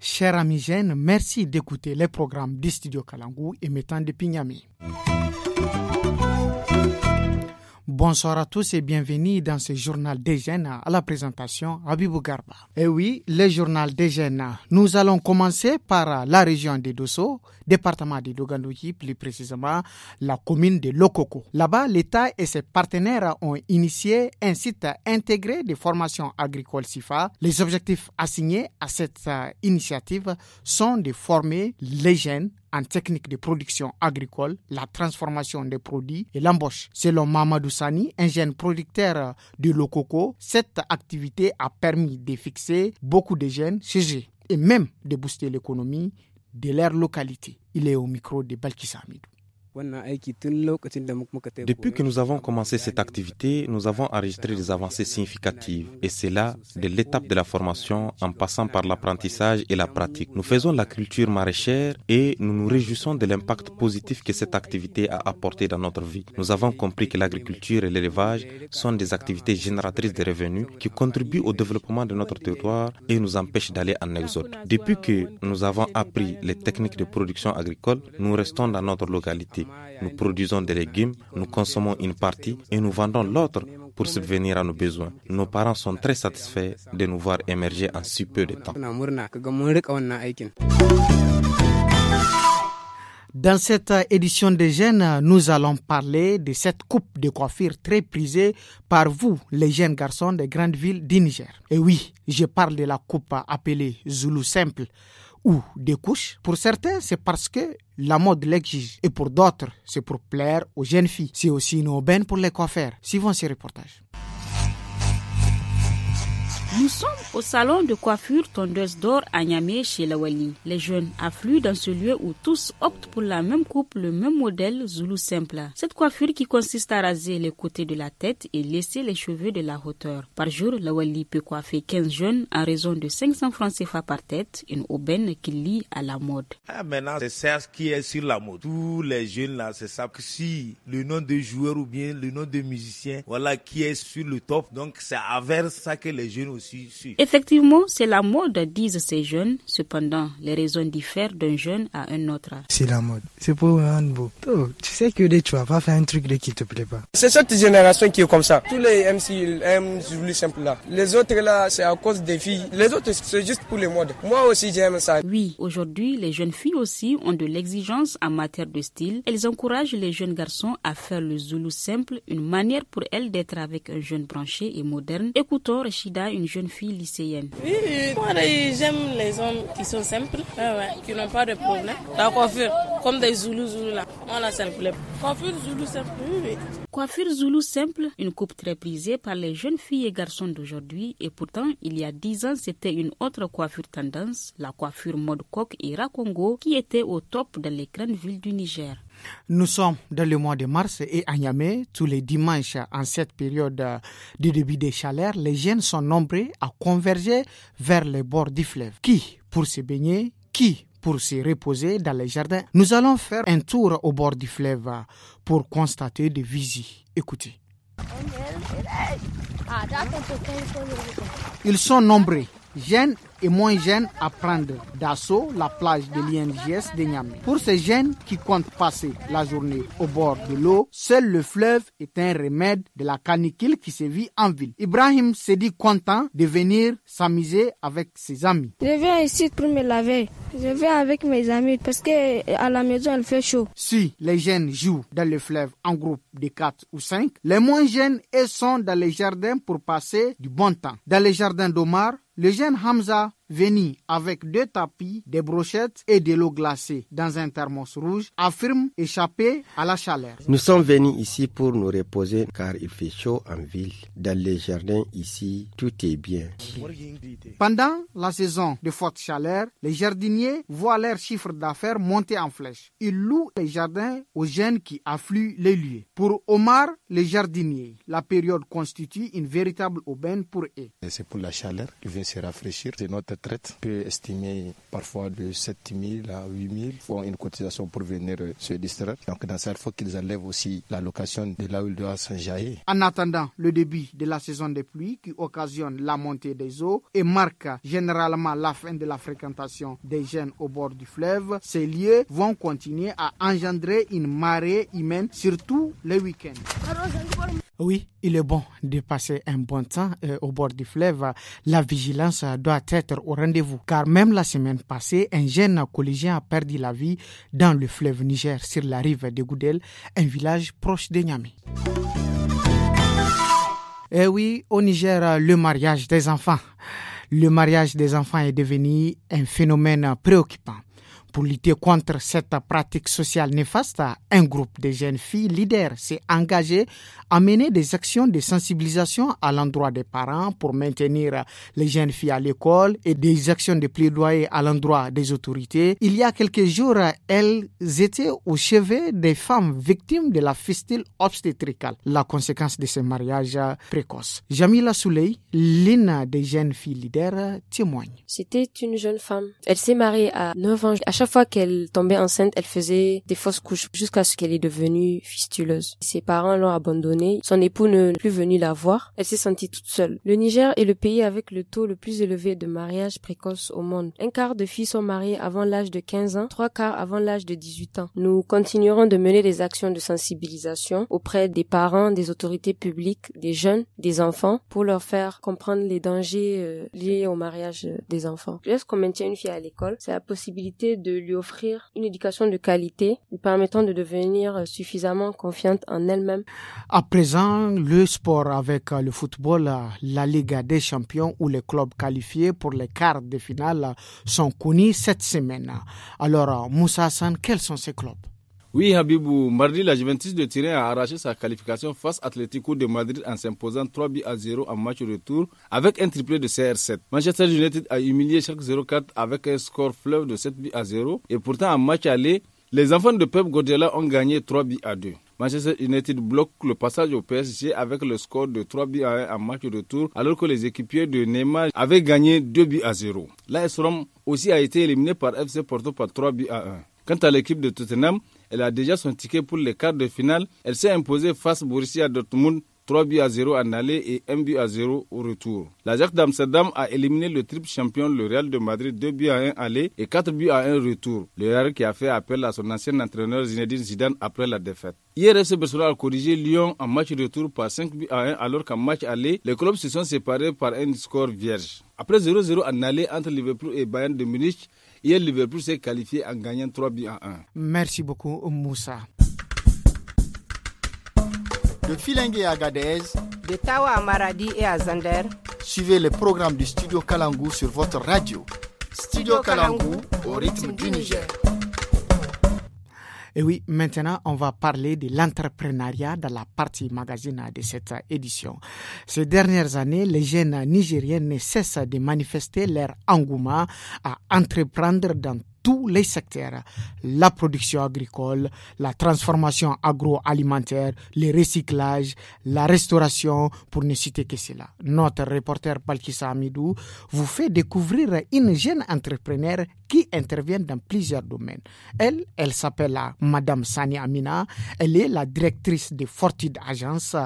Cher amis Jeanne, merci d'écouter les programmes du Studio Kalangou émettant depuis Niamey. Bonsoir à tous et bienvenue dans ce journal des jeunes à la présentation Abibou Garba. Et eh oui, le journal des jeunes. Nous allons commencer par la région de Dosso, département de Dougandouki, plus précisément la commune de Lokoko. Là-bas, l'État et ses partenaires ont initié un site intégré de formation agricole SIFA. Les objectifs assignés à cette initiative sont de former les jeunes en technique de production agricole, la transformation des produits et l'embauche. Selon Mamadou Sani, un producteur de lococo, cette activité a permis de fixer beaucoup de jeunes chez eux et même de booster l'économie de leur localité. Il est au micro de Balkis depuis que nous avons commencé cette activité, nous avons enregistré des avancées significatives, et c'est là, de l'étape de la formation en passant par l'apprentissage et la pratique. Nous faisons la culture maraîchère et nous nous réjouissons de l'impact positif que cette activité a apporté dans notre vie. Nous avons compris que l'agriculture et l'élevage sont des activités génératrices de revenus qui contribuent au développement de notre territoire et nous empêchent d'aller en exode. Depuis que nous avons appris les techniques de production agricole, nous restons dans notre localité. Nous produisons des légumes, nous consommons une partie et nous vendons l'autre pour subvenir à nos besoins. Nos parents sont très satisfaits de nous voir émerger en si peu de temps. Dans cette édition des jeunes, nous allons parler de cette coupe de coiffure très prisée par vous, les jeunes garçons des grandes villes du Niger. Et oui, je parle de la coupe appelée Zulu Simple ou des couches. Pour certains, c'est parce que la mode l'exige. Et pour d'autres, c'est pour plaire aux jeunes filles. C'est aussi une aubaine pour les coiffeurs. Suivons ces reportages. Nous sommes au salon de coiffure tondeuse d'or à Niamey chez Lawali. Les jeunes affluent dans ce lieu où tous optent pour la même coupe, le même modèle Zulu simple. Cette coiffure qui consiste à raser les côtés de la tête et laisser les cheveux de la hauteur. Par jour, Lawali peut coiffer 15 jeunes en raison de 500 francs CFA par tête, une aubaine qui lie à la mode. Ah, maintenant, c'est ce qui est sur la mode. Tous les jeunes là, c'est ça. Que si le nom de joueur ou bien le nom de musicien, voilà qui est sur le top. Donc, c'est à vers ça que les jeunes aussi Effectivement, c'est la mode, disent ces jeunes. Cependant, les raisons diffèrent d'un jeune à un autre. C'est la mode. C'est pour un beau. Oh, tu sais que tu vas pas faire un truc qui te plaît pas. C'est cette génération qui est comme ça. Tous les MC, ils aiment le simple là. Les autres là, c'est à cause des filles. Les autres, c'est juste pour les modes. Moi aussi, j'aime ça. Oui, aujourd'hui, les jeunes filles aussi ont de l'exigence en matière de style. Elles encouragent les jeunes garçons à faire le Zulu simple, une manière pour elles d'être avec un jeune branché et moderne. Écoutons Rachida, une jeune jeune fille lycéenne. Oui, moi j'aime les hommes qui sont simples, ah qui n'ont pas de problème. La coiffure, comme des Zoulous Zoulous là, on la simple. Coiffure Zoulou simple, oui, oui. Coiffure Zoulou simple, une coupe très prisée par les jeunes filles et garçons d'aujourd'hui et pourtant il y a dix ans c'était une autre coiffure tendance, la coiffure mode coque et racongo qui était au top dans les grandes villes du Niger. Nous sommes dans le mois de mars et à Niamey, tous les dimanches, en cette période euh, de début des chaleur, les jeunes sont nombreux à converger vers les bords du fleuve. Qui pour se baigner Qui pour se reposer dans les jardins Nous allons faire un tour au bord du fleuve pour constater des visites. Écoutez. Ah, Ils sont nombreux, jeunes et moins jeunes à prendre d'assaut la plage de l'INGS de Niamey. Pour ces jeunes qui comptent passer la journée au bord de l'eau, seul le fleuve est un remède de la canicule qui se vit en ville. Ibrahim se dit content de venir s'amuser avec ses amis. Je viens ici pour me laver. Je viens avec mes amis parce que euh, à la maison il fait chaud. Si les jeunes jouent dans le fleuve en groupe de 4 ou 5, les moins jeunes sont dans les jardins pour passer du bon temps. Dans les jardins d'Omar, le jeune Hamza venu avec deux tapis, des brochettes et de l'eau glacée dans un thermos rouge, affirme échapper à la chaleur. Nous sommes venus ici pour nous reposer car il fait chaud en ville. Dans les jardins ici, tout est bien. Pendant la saison de forte chaleur, les jardiniers voient leur chiffre d'affaires monter en flèche. Ils louent les jardins aux jeunes qui affluent les lieux. Pour Omar, les jardiniers, la période constitue une véritable aubaine pour eux. C'est pour la chaleur qui vient se rafraîchir. C'est notre on peut estimer parfois de 7 000 à 8 000 font une cotisation pour venir euh, se distraire. Donc dans ça, il faut qu'ils enlèvent aussi la location de là où ils doivent s'enjailler. En attendant le début de la saison des pluies qui occasionne la montée des eaux et marque généralement la fin de la fréquentation des jeunes au bord du fleuve, ces lieux vont continuer à engendrer une marée humaine, surtout les week-ends. Oui, il est bon de passer un bon temps euh, au bord du fleuve. La vigilance doit être au rendez-vous, car même la semaine passée, un jeune collégien a perdu la vie dans le fleuve Niger, sur la rive de Goudel, un village proche de Niamey. Eh oui, au Niger, le mariage des enfants. Le mariage des enfants est devenu un phénomène préoccupant pour lutter contre cette pratique sociale néfaste, un groupe de jeunes filles leaders s'est engagé à mener des actions de sensibilisation à l'endroit des parents pour maintenir les jeunes filles à l'école et des actions de plaidoyer à l'endroit des autorités. Il y a quelques jours, elles étaient au chevet des femmes victimes de la fistule obstétricale, la conséquence de ces mariages précoces. Jamila Souley, l'une des jeunes filles leaders, témoigne. C'était une jeune femme. Elle s'est mariée à 9 ans. À chaque chaque fois qu'elle tombait enceinte, elle faisait des fausses couches jusqu'à ce qu'elle est devenue fistuleuse. Ses parents l'ont abandonnée. Son époux ne plus venu la voir. Elle s'est sentie toute seule. Le Niger est le pays avec le taux le plus élevé de mariage précoce au monde. Un quart de filles sont mariées avant l'âge de 15 ans, trois quarts avant l'âge de 18 ans. Nous continuerons de mener des actions de sensibilisation auprès des parents, des autorités publiques, des jeunes, des enfants, pour leur faire comprendre les dangers euh, liés au mariage euh, des enfants. Lorsqu'on maintient une fille à l'école, c'est la possibilité de lui offrir une éducation de qualité lui permettant de devenir euh, suffisamment confiante en elle-même. À présent, le sport avec euh, le football, euh, la Ligue des champions ou les clubs qualifiés pour les quarts de finale sont connus cette semaine. Alors, Moussa Hassan, quels sont ces clubs oui, Habibou, mardi, la Juventus de Turin a arraché sa qualification face Atlético de Madrid en s'imposant 3 buts à 0 en match retour avec un triplé de CR7. Manchester United a humilié chaque 0-4 avec un score fleuve de 7 buts à 0 et pourtant en match aller, les enfants de Pep Guardiola ont gagné 3 buts à 2. Manchester United bloque le passage au PSG avec le score de 3 buts à 1 en match retour, alors que les équipiers de Neymar avaient gagné 2 buts à 0. L'AS aussi a été éliminé par FC Porto par 3 buts à 1. Quant à l'équipe de Tottenham, elle a déjà son ticket pour les quarts de finale. Elle s'est imposée face Borussia Dortmund 3 buts à 0 en allée et 1 but à 0 au retour. L'Ajax d'Amsterdam a éliminé le triple champion, le Real de Madrid, 2 buts à 1 aller et 4 buts à 1 retour. Le Real qui a fait appel à son ancien entraîneur Zinedine Zidane après la défaite. Hier, FC Barcelone a corrigé Lyon en match retour par 5 buts à 1 alors qu'en match aller, les clubs se sont séparés par un score vierge. Après 0-0 en allée entre Liverpool et Bayern de Munich, Hier, Liverpool s'est qualifié en gagnant 3 buts à 1. Merci beaucoup, Moussa. De Filingue à Agadez, de Tawa à Maradi et à Zander, suivez le programme du Studio Kalangou sur votre radio. Studio, Studio au rythme du Niger. Et oui, maintenant, on va parler de l'entrepreneuriat dans la partie magazine de cette édition. Ces dernières années, les jeunes nigériens ne cessent de manifester leur engouement à entreprendre dans tous les secteurs, la production agricole, la transformation agroalimentaire, le recyclage, la restauration, pour ne citer que cela. Notre reporter Palkissa Amidou vous fait découvrir une jeune entrepreneur qui intervient dans plusieurs domaines. Elle, elle s'appelle Madame Sani Amina. Elle est la directrice de Fortide Agence,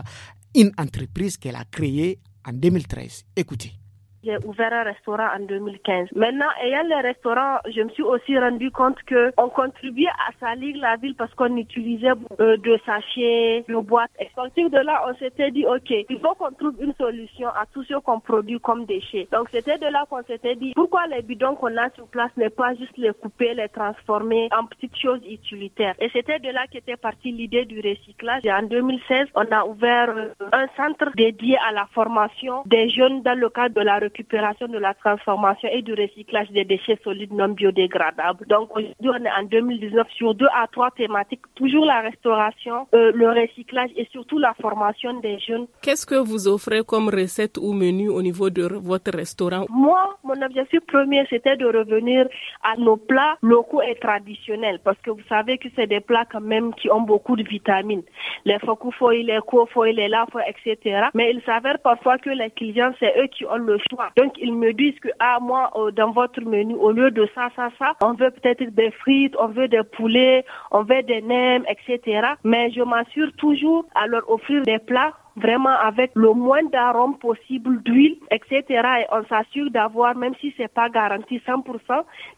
une entreprise qu'elle a créée en 2013. Écoutez. J'ai ouvert un restaurant en 2015. Maintenant, ayant le restaurant, je me suis aussi rendu compte que on contribuait à salir la ville parce qu'on utilisait euh, de sachets, de boîtes. Et de là, on s'était dit, OK, il faut qu'on trouve une solution à tout ce qu'on produit comme déchets. Donc, c'était de là qu'on s'était dit, pourquoi les bidons qu'on a sur place n'est pas juste les couper, les transformer en petites choses utilitaires. Et c'était de là qu'était partie l'idée du recyclage. Et en 2016, on a ouvert euh, un centre dédié à la formation des jeunes dans le cadre de la récupération, de la transformation et du recyclage des déchets solides non biodégradables. Donc aujourd'hui, on est en 2019 sur deux à trois thématiques, toujours la restauration, euh, le recyclage et surtout la formation des jeunes. Qu'est-ce que vous offrez comme recette ou menu au niveau de votre restaurant Moi, mon objectif premier, c'était de revenir à nos plats locaux et traditionnels parce que vous savez que c'est des plats quand même qui ont beaucoup de vitamines. Les fokufoy, les kofoy, les lafo, etc. Mais il s'avère parfois que les clients, c'est eux qui ont le choix donc ils me disent que ah moi euh, dans votre menu au lieu de ça ça ça, on veut peut-être des frites, on veut des poulets, on veut des nems, etc. Mais je m'assure toujours à leur offrir des plats vraiment avec le moins d'arômes possible d'huile, etc. Et on s'assure d'avoir, même si c'est pas garanti 100%,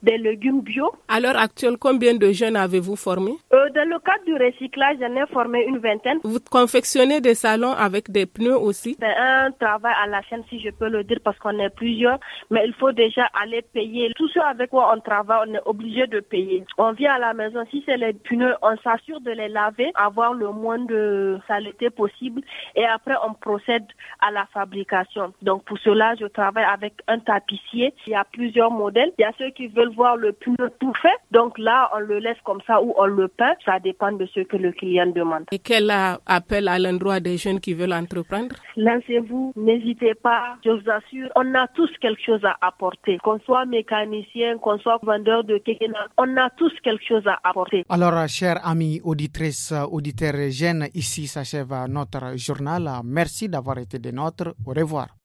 des légumes bio. À l'heure actuelle, combien de jeunes avez-vous formés euh, Dans le cadre du recyclage, j'en ai formé une vingtaine. Vous confectionnez des salons avec des pneus aussi C'est un travail à la chaîne, si je peux le dire, parce qu'on est plusieurs, mais il faut déjà aller payer. Tout ce avec quoi on travaille, on est obligé de payer. On vient à la maison, si c'est les pneus, on s'assure de les laver, avoir le moins de saleté possible et après, on procède à la fabrication. Donc, pour cela, je travaille avec un tapissier. Il y a plusieurs modèles. Il y a ceux qui veulent voir le pneu tout fait. Donc là, on le laisse comme ça ou on le peint. Ça dépend de ce que le client demande. Et quel appel à l'endroit des jeunes qui veulent entreprendre Lancez-vous, n'hésitez pas. Je vous assure, on a tous quelque chose à apporter. Qu'on soit mécanicien, qu'on soit vendeur de kékéna, on a tous quelque chose à apporter. Alors, chers amis, auditrices, auditeurs jeunes, ici s'achève notre journal. Merci d'avoir été des nôtres. Au revoir.